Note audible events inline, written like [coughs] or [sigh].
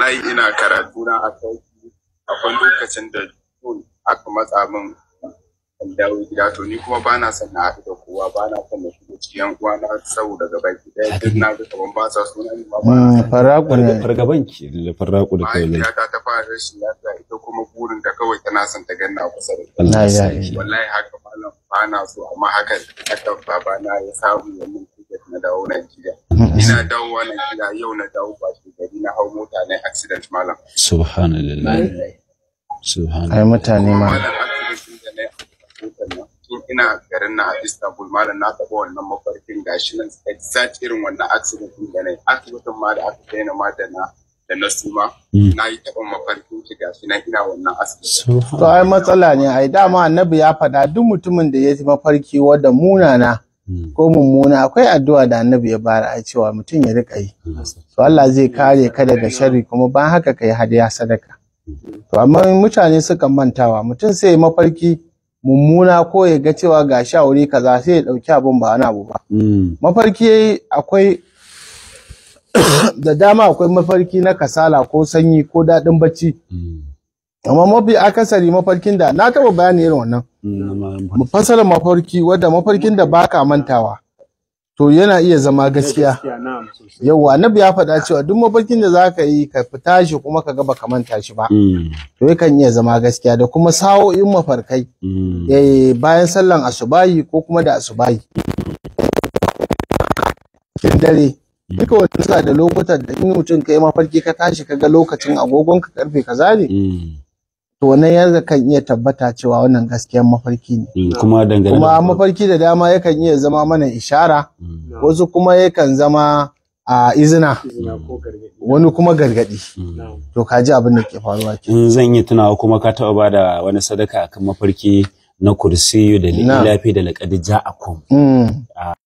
wallahi ina karatu na a sauki akwai lokacin da tun aka matsa min in dawo gida to ni kuma ba na son a haɗu da kowa ba na son na shigo cikin yan kwana na saboda gaba ki ɗaya duk na ga kaman ba sa suna ni ma ba ah, faraku ne fargaban ki da faraku da kai ne ta ta fara shi ya ta ita kuma burin da kawai tana son ta ganna kusa da wallahi ya yi wallahi haka malam ba na so amma haka haka baba na ya samu ya mun na dawo Najeriya ina dawowa Najeriya yau na dawo ba na hau mota na accident malam subhanallah subhanallah ai mutane ma ina garin na Istanbul malam na taɓa wannan mafarkin gashi nan exact irin wannan accident din da ne asibitin ma da aka daina ma da na da na suma mm. na yi taɓa mafarkin shi gashi nan ina wannan asibitin. To ai matsala ne ai dama annabi ya faɗa duk mutumin da ya yi mafarki wadda munana Hmm. ko mummuna akwai addu'a da annabi ya bara a cewa mutum ya riƙa yi hmm. to Allah zai kare ka daga sharri kuma ban haka kai hadiya sadaka to amma mutane suka mantawa mutum sai mafarki mummuna ko ya ga cewa ga shawari kaza sai ya dauki abin ba wani abu ba hmm. mafarki akwai [coughs] da dama akwai mafarki na kasala ko sanyi ko daɗin bacci amma mafi akasari mafarkin da na taba bayani irin wannan mu mm. fasara mafarki wadda mafarkin da baka mantawa to yana iya zama gaskiya wa annabi ya faɗa cewa duk mafarkin da zaka yi ka fita shi kuma ka ga baka manta shi ba mm. to yakan iya zama gaskiya da kuma sa'o'in mafarkai mm. eh bayan sallan asubahi ko kuma da asubahi cikin dare duka wata da lokutan da in mutum ka yi mafarki ka tashi ka ga lokacin agogon ka karfe ka ne to wannan yanzu kan iya tabbata cewa wannan gaskiyar mafarki ne eh, kuma dangane kuma mafarki da dama yakan iya zama mana ishara hmm. wasu kuma yakan zama a izina wani kuma gargadi hmm. to ka ji abin da ke faruwa ke zan yi tunawa kuma ka taba ba da wani sadaka akan mafarki na kursiyu da lafi da laƙadi ja'akum hmm. ah.